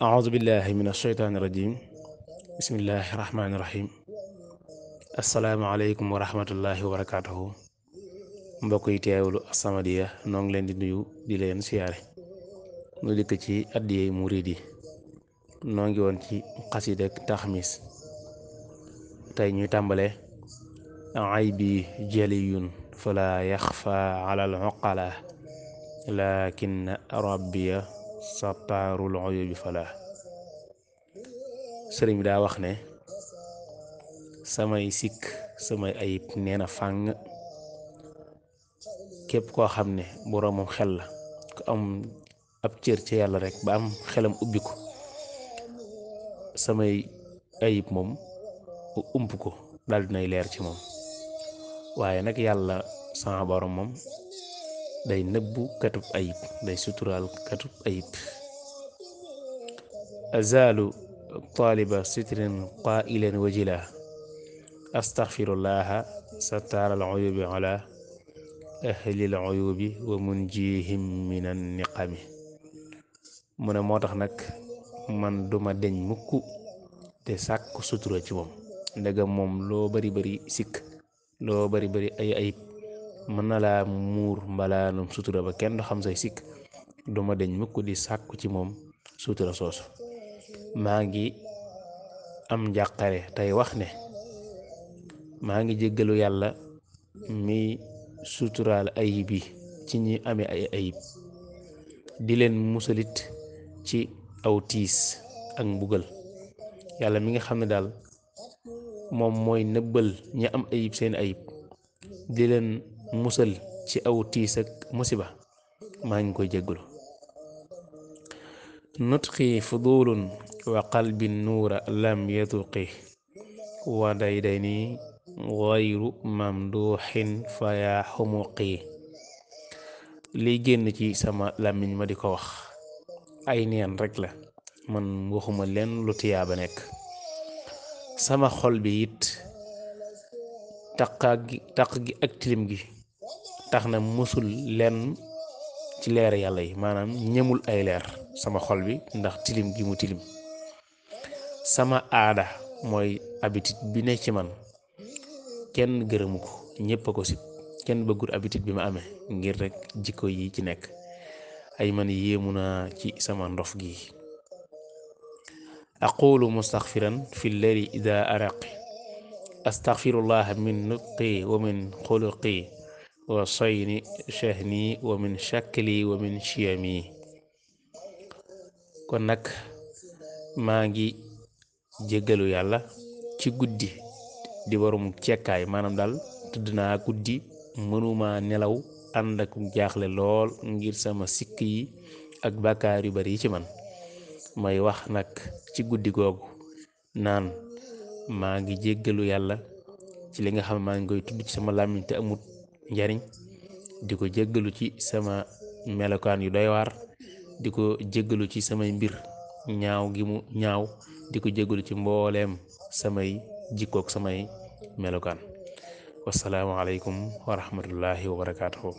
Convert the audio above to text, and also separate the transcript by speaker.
Speaker 1: audu billahi min asheytaani rajim bismillahi rahmaani rahim asalaamaaleykum wa rahmatullahi wa barakatuhu mbokk yi teewlu As-Samadiyya noo ngi leen di nuyu di leen siyaare nu dikk ci addiyey murid yi woon ci xasida taxmis tey ñuy tàmbale aybi jaliyun fala yaxfa ala al uqala lakin rabbiya sataarul uyubi falaa sëriñ bi daa wax ne samay sikk samay ayib neena na képp koo xam ne boroomam xel la ku am ab cër ci yàlla rek ba am xelam ubbi ko samay ayib moom ump ko daal dinay leer ci moom waaye nag yàlla sama borom moom day nëbbu katub ayib day suturaal katub ayib azaalu taaliba sitrin qaa'ilan wajila astaxfirullaha sataaral uyubi ala ahlil uyubi wa munjihim minan niqami mu ne moo tax nag man duma deñ mukk te sàkk sutura ci moom ndegam moom loo bari bari sikk loo bari bari ayib mën na laa muur mbalaanum sutura ba kenn du xam say sikk du ma deñ mukk di sàkku ci moom sutura soosu maa ngi am njàqare tey wax ne maa ngi jéggalu yàlla mi suturaal ayib yi ci ñi amee ay ayib di leen musalit ci aw tiis ak mbugal yàlla mi ngi xam ne daal moom mooy nëbbal ñi am ayib seen ayib di leen musal ci aw tiis musiba maa ngi koy jéggulu nutqi fudulun wa qalbi nuura lam yatuqi wa daydani gayru mamduxin fa yaa xumuqi liy génn ci sama làmmiñ ma di ko wax ay neen rek la man waxuma leen lu tiyaaba nekk sama xol bi it taq gi ak tilim gi tax na musul lenn ci leer yàlla yi maanaam ñemul ay leer sama xol bi ndax tilim gi mu tilim sama aada mooy habitude bi ne ci man kenn gërëmu ko ñépp ko sib kenn bëggul habitude bi ma ame ngir rek jikko yi ci nekk ay man yéemu naa ci sama ndof gi aqulu mustaxfiran fi leri ida araqi astaxfirullaha min nutqi wa min xuluqi wa sayni ni wa min shakli wa min shiyami kon nag maa ngi jéggalu yàlla ci guddi di warum cekkaay maanaam daal tëdd naa guddi mënuma nelaw ànd ak jaaxle lool ngir sama sikk yi ak bàkkaar yu bari yi ci man may wax nag ci guddi googu naan maa ngi jéggalu yàlla ci li nga xam maa ngi koy tudd ci sama làmmiñ te amut njariñ di ko jéggalu ci sama melokaan yu doy waar di ko jéggalu ci samay mbir ñaaw gi mu ñaaw di ko jéggalu ci mbooleem samay jikkook samay melokaan wasalaamu aleykum wa rahmatullahi wa barakaatuhu